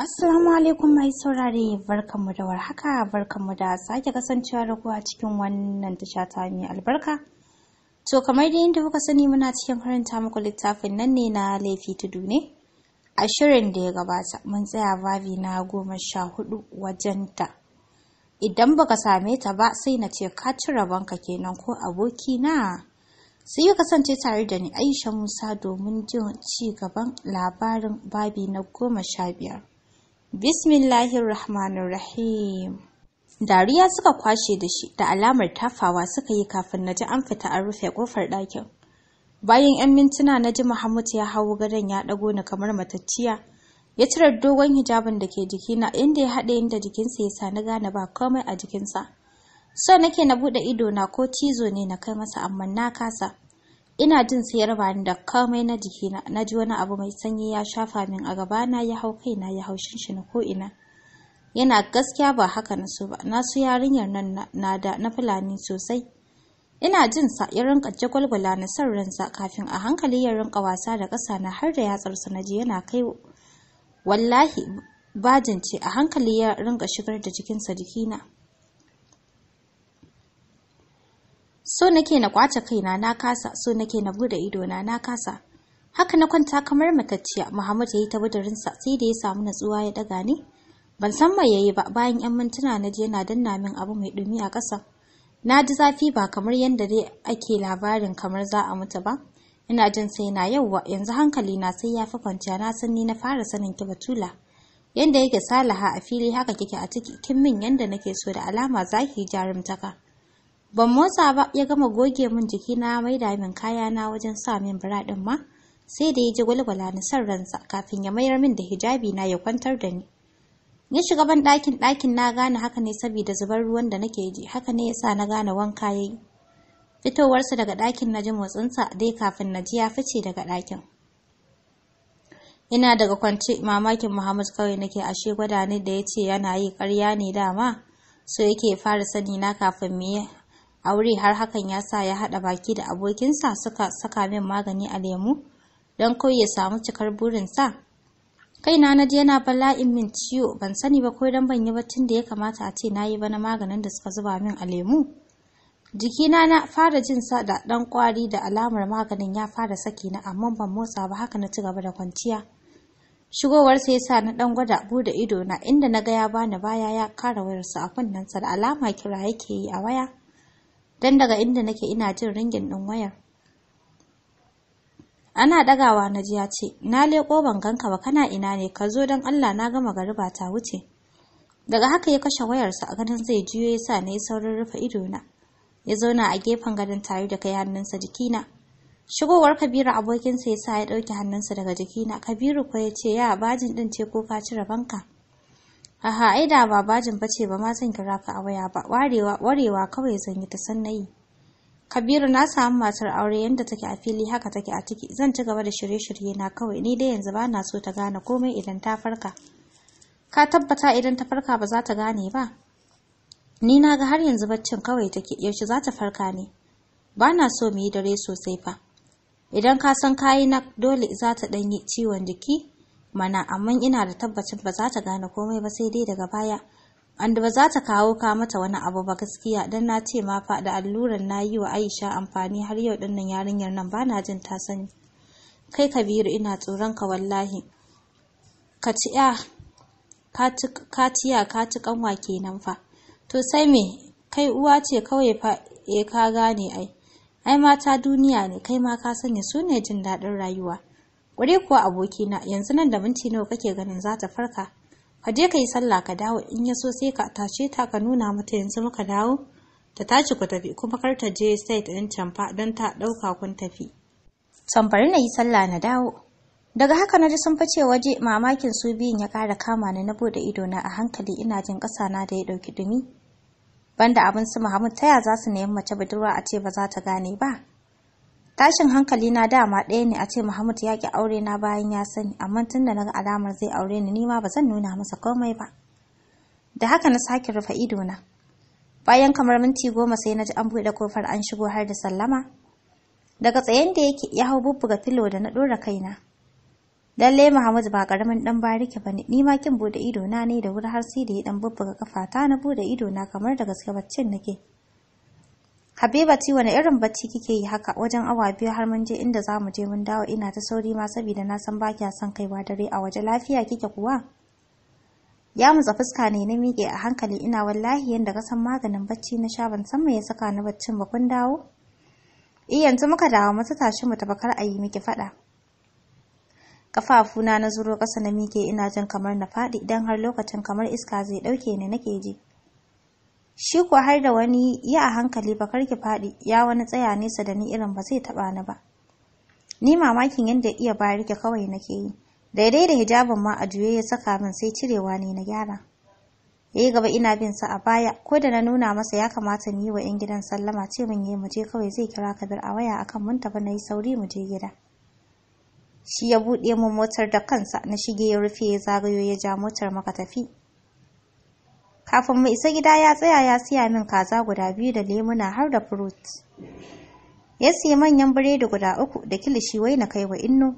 Assalamu alaikum mai saurare barkanmu da warhaka barkanmu da sake kasancewa da kuwa cikin wannan tasha ta mai albarka. To kamar da inda kuka sani muna cikin karanta muku littafin nan ne na laifi tudu ne. A shirin da ya gabata mun tsaya babi na goma sha hudu wajenta. Idan baka same ta ba sai na ce ka ci rabonka kenan ko aboki na. sai ya kasance tare da ni aisha musa domin jin ci gaban labarin babi na goma sha biyar Bismillahirrahmanirrahim. Dariya suka kwashe da shi da alamar tafawa suka yi kafin na ji an fita an rufe kofar ɗakin. Bayan 'yan mintuna na ji Muhammad ya hau gadon ya ɗago ni kamar matacciya. Ya cire dogon hijabin da ke jikina inda ya haɗe inda jikinsa ya sa na gane ba komai a jikinsa. So nake na buɗe ido na ko cizo ne na kai masa amma na kasa. ina jin tsayar ba da kamai na jikina na ji wani abu mai sanyi ya shafa min a gabana ya hau kaina ya hau shinshina ko ina yana gaskiya ba haka na so ba na su yarinyar nan na da na fulani sosai ina jin sa ya rinka jagwalgwala na san ransa kafin a hankali ya rinka wasa da ƙasa na har da yatsar yatsarsa na ji yana kai wallahi bajin ce a hankali ya rinka shigar da jikinsa jikina so nake na kwace kaina na kasa so nake na bude ido na na kasa haka na kwanta kamar makacciya Muhammad yayi ta sa sai da ya samu natsuwa ya daga ni ban san mai yayi ba bayan yan mintuna na je na danna min abu mai dumi a kasa na ji zafi ba kamar yadda dai ake labarin kamar za a mutu ba ina jin sai na yauwa yanzu hankali na sai ya fi kwanciya na san ni na fara sanin ki batula yanda yake salaha a fili haka kike a ciki kin min yanda nake so da alama zaki jarumtaka ban motsa ba ya gama goge min jiki jikina mai kaya na wajen sa min bra din ma sai da ya ji gwalgwala na san ransa kafin ya mayar min da hijabi na ya kwantar da ni ya shiga ban ɗakin ɗakin na gane haka ne saboda zubar ruwan da nake ji haka ne yasa na gane wanka ya yi fitowarsa daga ɗakin na ji motsinsa dai kafin na ji ya fice daga ɗakin ina daga kwance mamakin muhammad kawai nake ashe gwada ne da ya ce yana yi ƙarya ne dama so yake fara sani na kafin me. aure har hakan ya sa ya haɗa baki da abokinsa suka saka min magani a lemu don kawai ya samu cikar burinsa kaina na naje yana bala'in min ciwo ban sani ba ko don ban yi baccin da ya kamata a ce na yi ba na maganin da suka zuba min a lemu jikina na fara jin sa da ɗan kwari da alamar maganin ya fara saki na amma ban motsa ba haka na ci gaba da kwanciya shigowar sai yasa na dan gwada bude ido na inda na ga ya bani baya ya kara wayarsa a kunnensa da alama kira yake yi a waya don daga inda nake ina jin ringin ɗin wayar. Ana ɗagawa na ji ya ce, Na leƙo ban ganka ba kana ina ne, ka zo don Allah na gama gariba ta wuce. Daga haka ya kashe wayarsa a ganin zai juyo ya sa na yi saurin rufe idona. Ya zauna a gefen gadon tare da kai hannunsa jikina. Shigowar Kabiru abokinsa ya sa ya ɗauke hannunsa daga jikina. Kabiru ko ya ce, Ya bajin ɗin ce ko ka cire banka. Aha, ai da ba bajin bace ba ma zan kira ka a waya ba, warewa warewa kawai zan yi ta san nayi. Kabiru na samu matar aure yadda take a fili haka take a ciki, zan ci gaba da shirye-shirye na kawai, ni dai yanzu ba na so ta gane komai idan ta farka. Ka tabbata idan ta farka ba za ta gane ba? Ni na ga har yanzu baccin kawai take, yaushe za ta farka ne? Ba na so mu yi dare sosai fa. Idan ka san kayi na dole za ta ɗan ciwon jiki, mana amma ina da tabbacin ba za ta gane komai ba sai dai daga baya and ba za ta kawo ka mata wani abu ba gaskiya dan na ce ma fa da alluran na yi wa Aisha amfani har yau din nan yarinyar nan bana jin ta sani kai Kabiru ina tsoron ka wallahi ka ci ya ka ci ya ka ci kanwa kenan fa to sai me kai uwa ce kawai fa e ka gane ai ai mata duniya ne kai ma ka sani su ne jin daɗin rayuwa ware kuwa abokina yanzu nan da minti nawa kake ganin za ta farka ka je ka yi sallah ka dawo in ya so sai ka tace ta ka nuna mata yanzu muka dawo ta tashi ku tafi kuma kar ta je site ɗin fa don ta ɗauka kun tafi bari na yi sallah na dawo daga haka na ji sun fice waje mamakin su biyun ya ƙara kama ni na buɗe na a hankali ina jin ƙasa na da ya ɗauki dumi banda abin su Muhammad ta taya za su nemi mace budurwa a ce ba za ta gane ba tashin hankali na dama ɗaya ne a ce Muhammad ya ki aure na bayan ya sani amma tun da naga alamar zai aure ni nima ba zan nuna masa komai ba da haka na sake rufe ido na bayan kamar minti goma sai na ji an buɗe kofar an shigo har da sallama daga tsayen da yake ya hau bubbuga filo da na ɗora kaina lalle Muhammad ba karamin ɗan bariki ba ni ma kin buɗe ido na ne da wuri har sai da ya dan bubbuga kafa ta na buɗe ido na kamar da gaske baccin nake Habiba ci wani irin bacci kike yi haka wajen awa biyu har mun je inda za mu je mun dawo ina ta sauri ma saboda na san baki son kaiwa dare a waje lafiya kike kuwa. Ya mutsa fuska ne na miƙe a hankali ina wallahi yanda ka san maganin bacci na sha ban san me ya saka ni baccin ba kun dawo. i eh, yanzu muka dawo mu tashi mu tabakar a yi miki faɗa. Kafafuna na zuro ƙasa na miƙe ina jin kamar na faɗi idan har lokacin kamar iska zai ɗauke ni nake ji. shi ko har da wani yi a hankali ba karki faɗi ya wani tsaya nesa da ni irin ba zai taɓa ni ba ni mamakin yadda iya barike kawai nake yi daidai da hijabin ma a juye ya saka min sai cirewa ne na gyara yayi gaba ina bin sa a baya ko da na nuna masa ya kamata ni wa yan gidan sallama ce min yayi muje kawai zai kira ka bir a waya akan mun tafi yi sauri mu je gida shi ya buɗe mun motar da kansa na shige ya rufe ya zagayo ya ja motar maka tafi Kafin mu isa gida ya tsaya ya siya min kaza guda biyu da lemuna har da furut. Ya siya manyan biredi guda uku da kilishi wai na kai wa inno.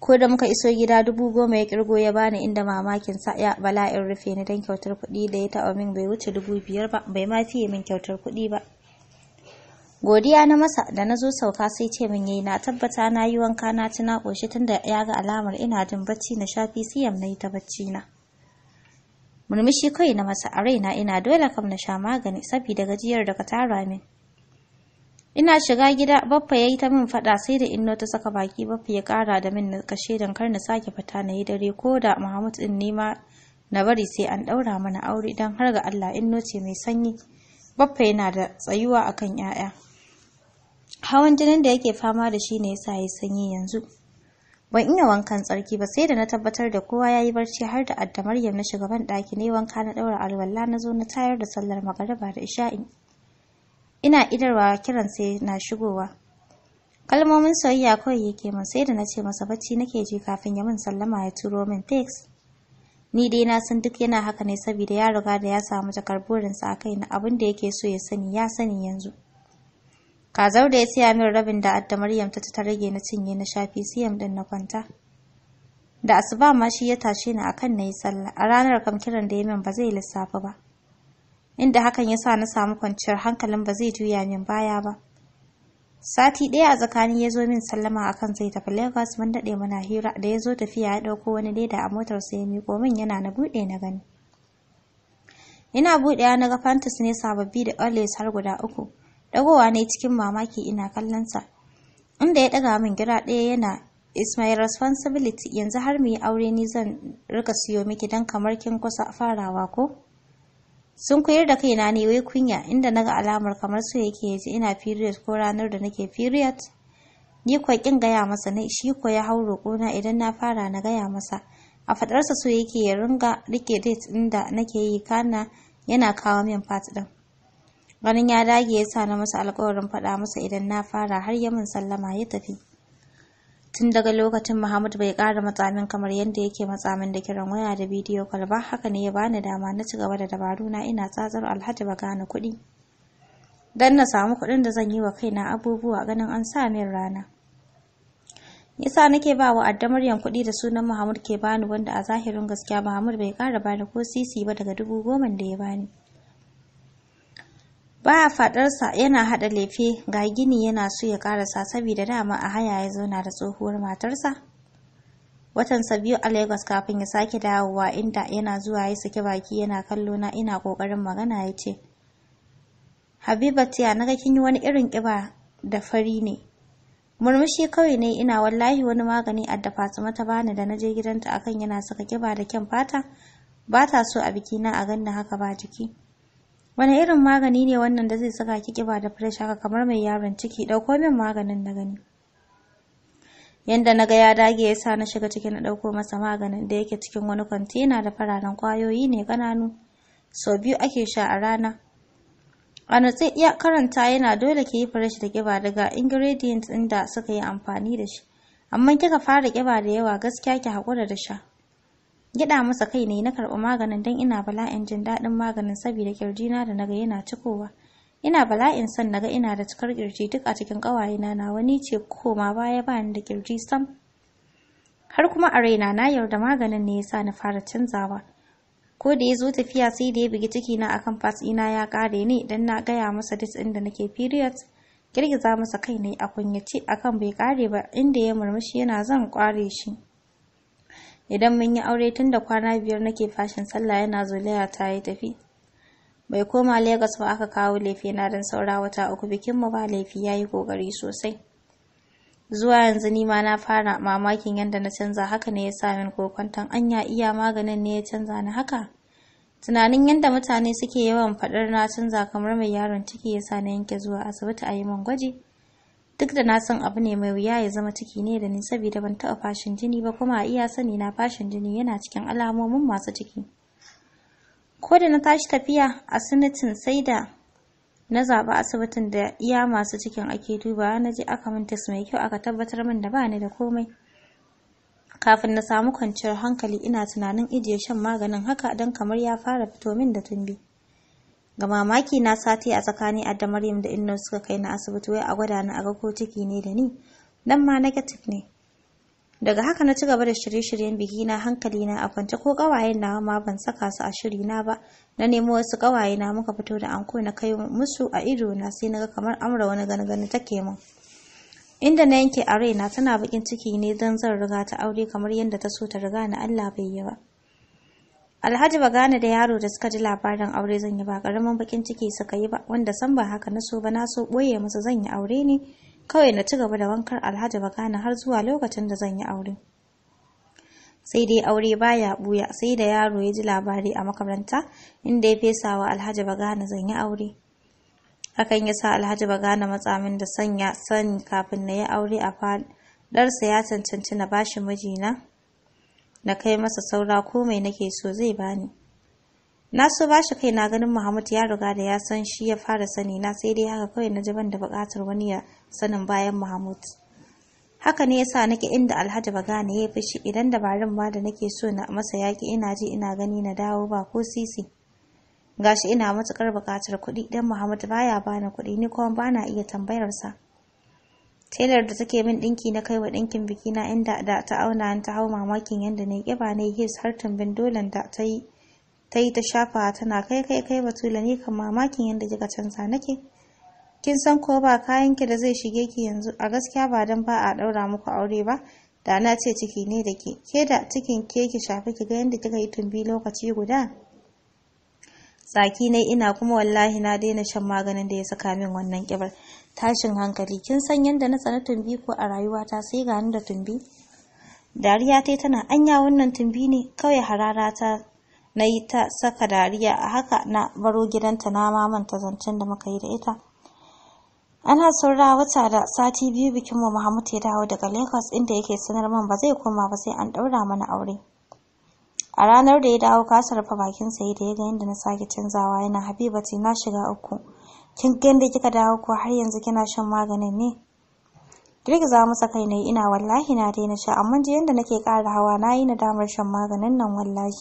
Ko da muka iso gida dubu goma ya kirgo ya bani inda mamakin sa ya bala bala'in rufe ni don kyautar kuɗi da ya taɓa min bai wuce dubu biyar ba bai ma fiye min kyautar kuɗi ba. godiya na masa da na zo sauka sai ce min yayi na tabbata na yi wanka na ci na ƙoshi tunda ya ga alamar ina jin bacci na shafi siyan na yi ta bacci na murmushi kai na masa a raina ina dole kam na sha magani saboda gajiyar da ka tara min ina shiga gida baffa yayi ta min fada sai da inno ta saka baki baffa ya kara da min na kashe dan kar na sake fita na yi dare ko da Muhammad din ne ma na bari sai an daura mana aure dan har ga Allah inno ce mai sanyi baffa yana da tsayuwa akan 'ya'ya hawan jinin da yake fama da shi ne yasa yayi sanyi yanzu Ban iya wankan tsarki ba sai da na tabbatar da kowa ya yi barci har da adda Maryam na shugaban ɗaki ne wanka na ɗaura alwala na zo na tayar da sallar magariba da isha'i Ina idarwa kiran sai na shigowa. Kalmomin soyayya kawai yake min sai da na ce masa bacci nake ji kafin ya min sallama ya turo min text. Ni dai na san duk yana haka ne saboda ya riga da ya samu takarburinsa a kai na abin da yake so ya sani ya sani yanzu. Kazar da ya siya min rabin da adda Maryam ta ci ta rage na cinye na shafi, siyam din na kwanta. Da asuba ma shi ya tashe ni akan na yi sallah, a ranar kam da ya min ba zai lissafa ba. Inda hakan ya sa na samu kwanciyar hankalin ba zai juya min baya ba. Sati ɗaya a tsakanin ya zo min sallama akan zai tafi Lagos mun daɗe muna hira da ya zo tafiya ya ɗauko wani leda a motar sa ya miƙo min yana na buɗe na gani. Ina buɗewa na ga fantas ne sababbi da Oles har guda uku. dagowa ne cikin mamaki ina kallonsa inda ya daga min gira ɗaya yana is my responsibility yanzu har mu yi aure ni zan rika siyo miki don kamar kin kusa farawa ko sun koyar da kaina ne wai kunya inda naga alamar kamar su yake yaji ina period ko ranar da nake period ni kwa kin gaya masa ne shi ko ya hau roƙo na idan na fara na gaya masa a fadarsa so yake ya ringa rike date inda nake yi kana yana kawo min part din ganin ya dage ya sa na masa alkawarin faɗa masa idan na fara har ya min sallama ya tafi tun daga lokacin Muhammad bai kara matsamin kamar yadda yake matsamin da kiran waya da bidiyo kwalba haka ne ya bani dama na ci gaba da dabaru na ina tsatsar Alhaji ba gane kuɗi dan na samu kuɗin da zan yi wa kaina abubuwa ganin an sa min rana yasa nake ba wa yan kuɗi da sunan Muhammad ke bani wanda a zahirin gaskiya Muhammad bai ƙara bani ko sisi ba daga dubu goma da ya bani ba a fadarsa yana hada lefe ga gini yana so ya karasa saboda dama a haya ya zauna da tsohuwar matarsa watansa biyu a lagos kafin ya sake dawowa inda yana zuwa ya saki baki yana kallo na ina kokarin magana ya ce habiba tiya naga kin yi wani irin kiba da fari ne murmushi kawai ne ina wallahi wani magani a da fatima ta bani da na je gidanta akan yana saka kiba da kyan fata ba ta so a biki na a ganna haka ba jiki wani irin magani ne wannan da zai saka ki kiba da fresh haka kamar mai yaron ciki dauko min maganin na gani yanda na ga ya dage yasa na shiga cikin na dauko masa maganin da yake cikin wani kwantena da fararen kwayoyi ne kananu sau biyu ake sha a rana a nutsi iya karanta yana dole ki yi fresh da kiba daga ingredients ɗin da suka yi amfani da shi amma kika fara kiba da yawa gaskiya ki hakura da sha gida masa kai ne na karɓi maganin don ina bala'in jin daɗin maganin saboda kirjina da naga yana cikowa ina bala'in son naga ina da cikar kirji duk a cikin ƙawayena na wani ce koma baya ba ni da kirji sam har kuma a raina na yarda maganin ne sa ni fara canzawa ko da ya zo tafiya sai da ya bugi ciki na akan fas ina ya kare ne dan na gaya masa dis inda nake period girgiza masa kai ne a kunyace akan bai kare ba inda ya murmushi yana zan kware shi idan mun yi aure tun da kwana biyar nake fashin sallah yana zolaya ta yi tafi bai koma Legas ba aka kawo laifi na don saura wata uku bikin mu ba laifi ya yi kokari sosai zuwa yanzu ni ma na fara mamakin yadda na canza haka ne ya sa min kokwanton anya iya maganin ne ya canza ni haka tunanin yadda mutane suke yawan faɗar na canza kamar mai yaron ciki ya sa na yanke zuwa asibiti a yi min gwaji duk da na san abu ne mai wuya ya zama ciki ne da ni saboda ban taɓa fashin jini ba kuma a iya sani na fashin jini yana cikin alamomin masu ciki ko da na tashi tafiya a sinitin sai da na zaɓi asibitin da iya masu cikin ake duba na je aka min test mai kyau aka tabbatar min da bani da komai kafin na samu kwanciyar hankali ina tunanin ijiye shan maganin haka don kamar ya fara fito min da tumbi ga mamaki na sati a tsakani da maryam da inna suka kai na asibiti wai a gwada ni a ga ko ciki ne da ni nan ma negative ne daga haka na ci gaba da shirye-shiryen biki na hankali na a kwance ko kawayen na ma ban saka su a shiri na ba na nemo wasu kawaye na muka fito da anko na kai musu a ido na sai naga kamar amra wani gani take min inda na yanke a raina tana bakin ciki ne don zan riga ta aure kamar yadda ta so ta riga na Allah bai yi ba Alhaji Bagana da yaro da suka ji labarin aure zan yi ba karamin bakin ciki suka yi ba wanda san ba haka na so ba na so boye musu zan yi aure ne kawai na ci gaba da wankar Alhaji Bagana har zuwa lokacin da zan yi aure. Sai dai aure baya buya sai da yaro ya ji labari a makaranta inda ya fesa wa Alhaji Bagana zan yi aure. Hakan ya sa Alhaji Bagana matsamin da sanya sani kafin na yi aure a fadarsa ya cancanci na bashi mijina. na kai masa saura ko mai nake so zai bani na so ba shi kai na ganin Muhammad ya riga da ya san shi ya fara sani na sai dai haka kawai na ji ban da buƙatar wani ya sanin bayan Muhammad haka ne yasa nake inda Alhaji Bagana ya fishi idan dabarun ma da nake so na masa yaki ina ji ina gani na dawo ba ko sisi gashi ina matuƙar buƙatar kuɗi dan Muhammad baya bani kuɗi ni kuma bana iya tambayarsa sa telar da take min dinki na kaiwa dinkin biki na inda da ta auna ta hau mamakin yanda ne kiba ne his har tumbin dolan da ta yi ta yi ta shafa tana kai kai kai batula ne kan mamakin yanda kika canza nake kin san ko ba kayan ki da zai shige ki yanzu a gaskiya ba dan ba a daura muku aure ba da na ce ciki ne da ke ke da cikin ke ki shafi ki ga yanda kika yi tumbi lokaci guda tsaki ne ina kuma wallahi na daina shan maganin da ya saka min wannan kibar tashin hankali kin san yadda na tsana tumbi ko a rayuwata sai ga da tumbi dariya tai tana anya wannan tumbi ne kawai harara ta na yi ta saka dariya a haka na baro gidanta na mamanta zancen da muka yi da ita ana saura wata da sati biyu bikin mu Muhammad ya dawo daga Lagos inda yake sanar man ba zai koma ba sai an daura mana aure a ranar da ya dawo kasar fa bakin sai da ya ga yadda na sake canzawa yana habibati na shiga uku kin gyanda kika dawo ko har yanzu kina shan maganin ne za masa kai yi ina wallahi na daina sha amma jiyan yanda nake ƙara hawa na yi na damar shan maganin nan wallahi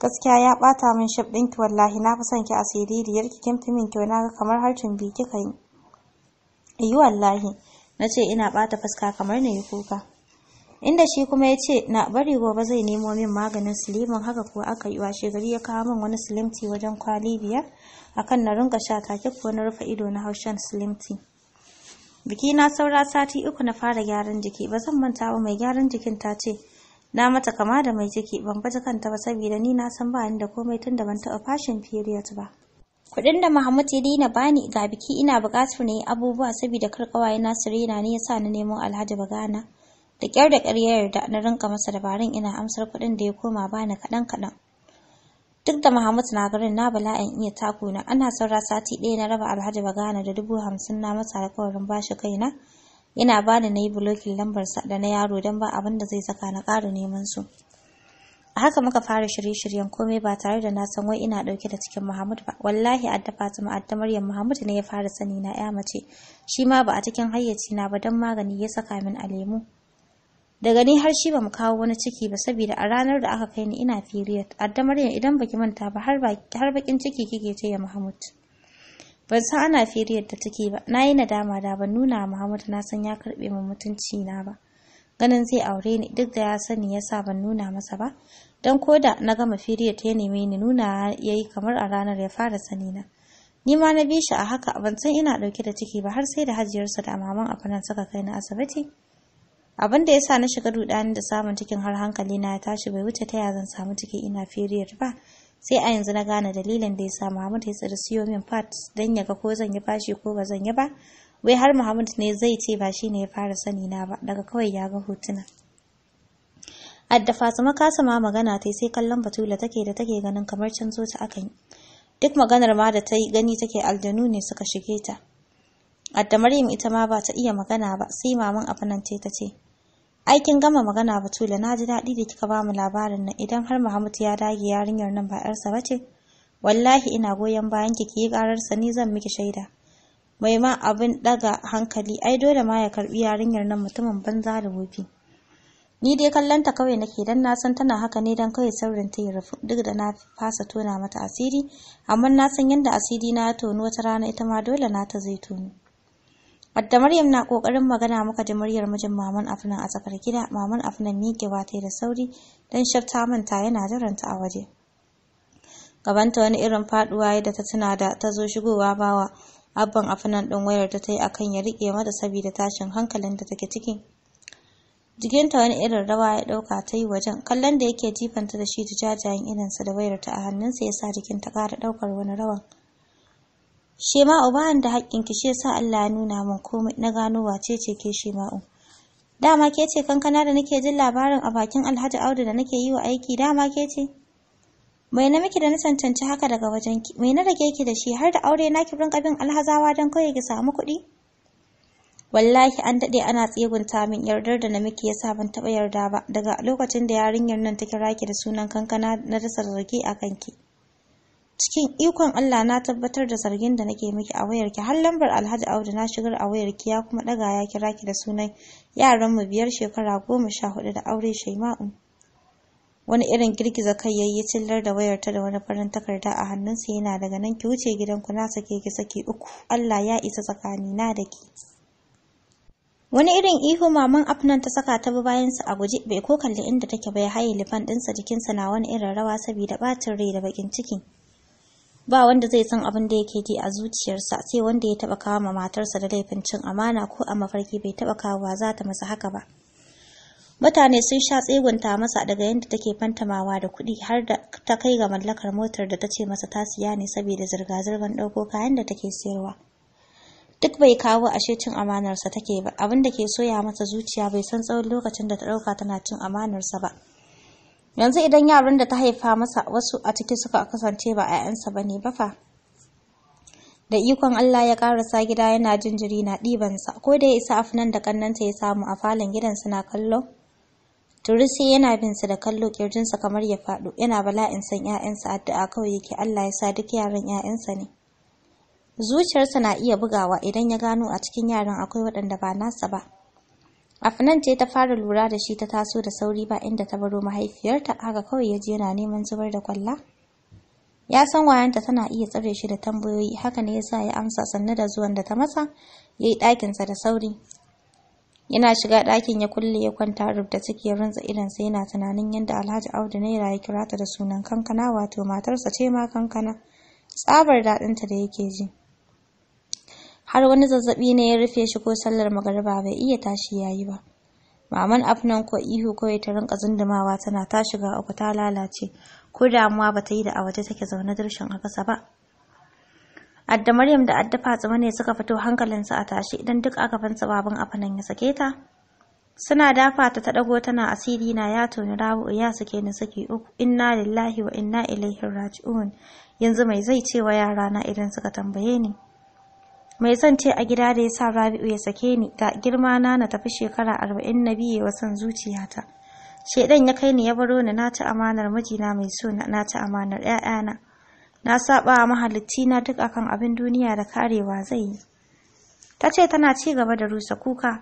gaskiya ya ɓata min shaf ɗinki wallahi na fi son ki asiririyar ki kin fi min kyau na ga kamar harcin bi kika yi wallahi na ce ina ɓata fuska kamar na yi kuka inda shi kuma ya ce na bari gobe zai nemo min maganin silimin haka kuwa aka yi washe gari ya kawo min wani silimti wajen kwali biyar akan na rinka sha take ko na rufe ido na haushen silimti biki na saura sati uku na fara gyaran jiki ba zan manta ba mai gyaran jikin ta ce na mata kama da mai jiki ban baje kanta ba saboda ni na san ba ni da komai tun da ban taɓa fashin period ba kuɗin da Muhammad ya dina bani ga biki ina buƙatar ne abubuwa saboda kar ƙawaye na ne ya sa yasa na nemo Alhaji Bagana da kyar da kyar ya yarda na rinka masa dabarun ina amsar kuɗin da ya koma bani kaɗan kaɗan duk da Muhammad na garin na bala'in iya taku na ana saura sati ɗaya na raba Alhaji Bagana da dubu hamsin na masa alƙawarin bashi kaina yana bani na yi bulokin lambar sa da na yaro don ba abin da zai saka na ƙara neman su a haka muka fara shirye-shiryen komai ba tare da na san wai ina ɗauke da cikin Muhammad ba wallahi adda Fatima adda Maryam mahamud ne ya fara sani na ya mace shi ma ba a cikin hayyaci na ba don magani ya saka min a lemu daga ni har shi ba mu kawo wani ciki ba saboda a ranar da aka kai ni ina period adda maryam idan baki manta ba har bakin ciki kike ce ya mahmud ban san ana period da take ba na yi nadama da ban nuna mahmud na san ya karbe min mutunci na ba ganin zai aure ni duk da ya sani yasa ban nuna masa ba don koda na gama period ya neme ni nuna yayi kamar a ranar ya fara sani na ni ma na bi shi a haka ban san ina dauke da ciki ba har sai da hajiyarsa da maman a fanan suka kai na asibiti abin da ya sa na shiga rudani da samun cikin har hankali na ya tashi bai wuce ta zan samu ciki ina firiyar ba sai a yanzu na gane dalilin da ya sa Muhammad ya tsiri siyo min parts don ya ga ko zan yi bashi ko ba zan yi ba wai har Muhammad ne zai ce ba shi ne ya fara sani na ba daga kawai ya ga hotuna adda Fatima sama magana ta sai kallon Batula take da take ganin kamar canzo ta akan duk maganar ma da ta yi gani take aljanu ne suka shige ta adda Maryam ita ma ba ta iya magana ba sai maman abinan ce ta ce aikin gama magana batula na ji daɗi da kika bamu labarin nan idan har muhammadu ya dage yarinyar nan ba yarsa ba ce wallahi ina goyon bayan ki ki yi ƙararsa ni zan miki shaida mai ma abin daga hankali ai dole ma ya karbi yarinyar nan mutumin banza da wofi ni dai kallon ta kawai nake dan na san tana haka ne dan kawai saurin ta rufu duk da na fasa tona mata asiri amma na san yanda asiri na tono wata rana ita ma dole na ta zai tono Madda Maryam na kokarin magana muka ji muryar mijin Maman Afnan a tsakar gida. Maman Afnan miƙewa ta da sauri don shafta manta yana jiranta a waje. Gabanta wani irin faduwa da ta tuna da ta zo shigowa bawa abban Afnan din wayar ta yi akan ya rike mata saboda tashin hankalin da take ciki. Jikinta wani irin rawa ya dauka ta yi wajen kallon da yake jifanta da shi ta jajayen irinsa da wayar ta a hannunsa ya sa jikinta ƙara ɗaukar wani rawan. Shema'u ba da haƙƙin ki shi yasa Allah ya nuna min komai na gano wace ce ke Shema'u. Dama ke ce kankana da nake jin labarin a bakin Alhaji Audu da nake yi wa aiki dama ke ce. Mai na miki da na cancanci haka daga wajen ki, mai na rage ki da shi har da aure na ki rinka bin alhazawa don kawai ki samu kuɗi? Wallahi an daɗe ana tsegunta min yardar da na miki yasa ban taɓa yarda ba daga lokacin da yarinyar nan ta kira ki da sunan kankana na da rage a kanki. cikin ikon Allah na tabbatar da zargin da nake miki a wayarki har lambar Alhaji Audu na shigar a wayarki ya kuma daga ya kira ki da sunan yaran mu biyar shekara goma sha hudu da aure Shaima'u. Wani irin girgiza kai yayi cillar da wayarta da wani farin takarda a hannunsa yana daga nan ki wuce gidanku na sake ki saki uku Allah ya isa tsakani na da ki. Wani irin ihu maman afnan ta saka ta su a guje bai ko kalli inda take bai haye lifan dinsa jikinsa na wani irin rawa saboda ɓacin rai da bakin ciki. ba wanda zai san abin da yake ji a zuciyarsa sai wanda ya taba kawo matarsa da laifin cin amana ko a mafarki bai taba kawo za ta masa haka ba mutane sun sha tsegunta masa daga yadda take fantamawa da kuɗi har da ta kai ga mallakar motar da ta ce masa ta siya ne saboda zirga-zirgar ɗauko kayan da take sayarwa duk bai kawo ashe cin amanarsa take ba abin da ke soya masa zuciya bai san tsawon lokacin da ta ɗauka tana cin amanarsa ba yanzu idan yaran da ta haifa masa wasu a ciki suka kasance ba 'ya'yansa ba ne ba da ikon Allah ya karasa gida yana jinjiri na ɗibansa ko da ya isa afinan da kannanta ya samu a falon gidan suna kallo turisi yana bin su da kallo kirjinsa kamar ya faɗo yana bala'in san 'ya'yansa addu'a kawai yake Allah ya sa duk yaran 'ya'yansa ne zuciyarsa na iya bugawa idan ya gano a cikin yaran akwai waɗanda ba nasa ba Afnan ce ta fara lura da shi ta taso da sauri ba inda ta baro mahaifiyarta haka kawai ya je yana neman zubar da kwalla. Ya san wayanta tana iya tsare shi da tambayoyi haka ne yasa ya amsa sannu da zuwan da ta masa ya yi ɗakinsa da sauri. Yana shiga ɗakin ya kulle ya kwanta rubda ciki ya rantsa sai yana tunanin yadda Alhaji Audu Naira ya kira ta da sunan kankana wato matarsa ce ma kankana. Tsabar daɗinta da yake ji. har wani zazzabi ne ya rufe shi ko sallar magariba bai iya tashi yayi ba maman afnan ko ihu kawai ta rinka zundumawa tana ta shiga uku ta lalace ko damuwa ba ta yi da a waje take zaune dirshin a kasa ba adda maryam da adda fatima ne suka fito hankalinsu a tashi idan duk aka fansa baban afnan ya sake ta suna dafa ta ta dago tana asiri na ya toni rabu ya sake ni saki uku inna lillahi wa inna ilaihi raji'un yanzu mai zai ce wa yara na idan suka tambaye ni mai son ce a gida da ya sa rabi'u ya sake ni da girma na na tafi shekara arba'in na biye wa son zuciyata shedan ya kai ni ya baro ni na ci amanar mijina mai so na ci amanar 'ya'yana na saba wa mahalicci na duk akan abin duniya da karewa zai yi ta ce tana ci gaba da rusa kuka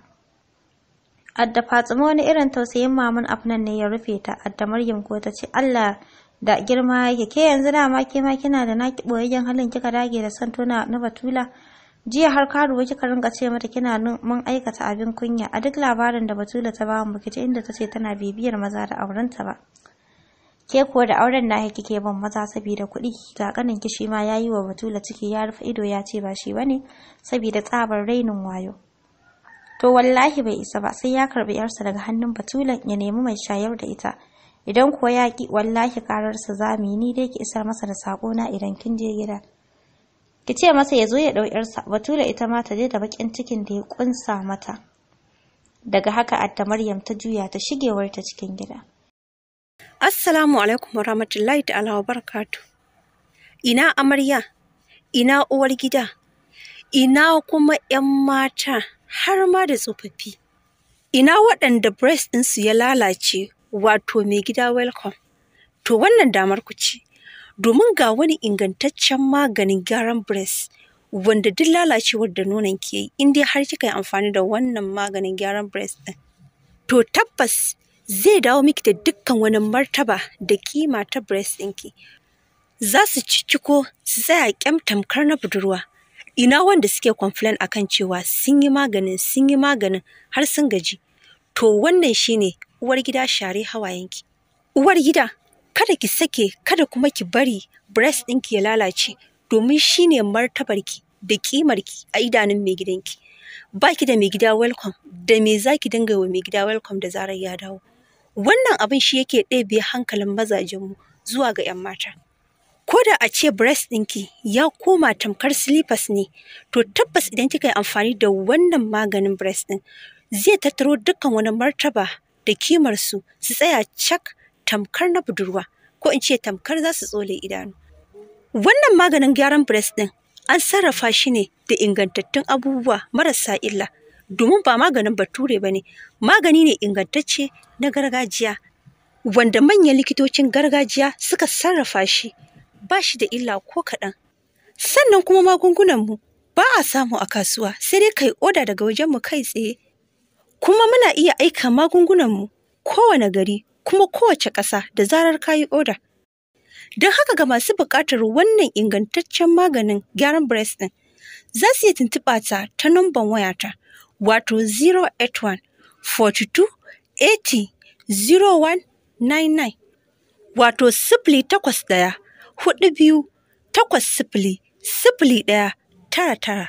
adda fatsima wani irin tausayin mamun afnan ne ya rufe ta adda maryam ko ta ce allah da girma yake ke yanzu dama ke ma kina da naki boyayyen halin kika dage da san tona na batula jiya har karuwa kika rinka ce mata kina nan mun aikata abin kunya a duk labarin da batula ta ba mu kici inda tace tana bibiyar maza da aurenta ba ke kuwa da auren na kike ban maza saboda kuɗi ga kanin ki shi ma yayi wa batula ciki ya rufe ido ya ce ba shi bane saboda tsabar rainin wayo to wallahi bai isa ba sai ya karbi yarsa daga hannun batulan ya nemi mai shayar da ita idan kuwa ya wallahi kararsa zamu yi ni dai ki isar masa da sako na idan kin je gida ki ce masa ya zo ya ɗau ‘yarsa batula ita ma ta je da baƙin cikin da ya kunsa mata daga haka adda maryam ta juya ta shigewar ta cikin gida assalamu alaikum warahmatullahi ta'ala wa barakatu ina amarya ina uwar gida ina kuma ‘yan mata har ma da tsofaffi ina waɗanda breast ɗinsu ya lalace wato mai gida welcome to wannan damar ku ce domin ga wani ingantaccen maganin gyaran breast wanda duk lalacewar da nonon ke yi in dai har kika yi amfani da wannan maganin gyaran breast din to tabbas zai dawo miki da dukkan wani martaba da kima ta breast ɗinki za su ko su tsaya kyam tamkar na budurwa ina wanda suke complain akan cewa sun yi maganin sun yi maganin har sun gaji to wannan shine uwar gida share hawayenki uwar gida kada ki sake kada kuma ki bari breast ɗinki ya lalace domin shine martabarki da ƙimarki a idanun mai gidanki ba ki da mai gida welcome da me za ki dinga wa mai gida welcome da zarar ya dawo wannan abin shi yake ɗebe hankalin mazajenmu zuwa ga 'yan mata ko da a ce breast ɗinki ya koma tamkar slippers ne to tabbas idan kika yi amfani da wannan maganin breast ɗin zai tattaro dukkan wani martaba da kimarsu su tsaya cak tamkar na budurwa ko in ce tamkar za su tsole idanu wannan maganin gyaran breast ɗin an sarrafa shi ne da ingantattun abubuwa marasa illa domin ba maganin bature ba ne magani ne ingantacce na gargajiya wanda manyan likitocin gargajiya suka sarrafa shi ba shi da illa ko kaɗan sannan kuma magungunanmu ba a samu a kasuwa sai dai kai oda daga wajenmu kai tsaye kuma muna iya aika magungunanmu kowane gari kuma kowace ƙasa da zarar ka yi oda. Don haka ga masu buƙatar wannan ingantaccen maganin gyaran breast ɗin, za su yi tuntuɓa ta ta numban wayata wato 081 42 80 wato sifili takwas ɗaya hudu biyu takwas sifili sifili ɗaya tara tara.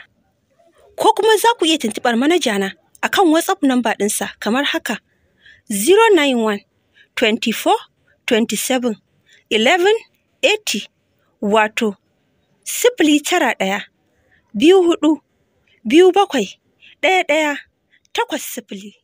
Ko kuma za ku iya tuntuɓar manajana a kan WhatsApp namba ɗinsa kamar haka 091 24, 27, 11, 80 wato sifili tara ɗaya biyu hudu biyu bakwai ɗaya ɗaya takwas sifili.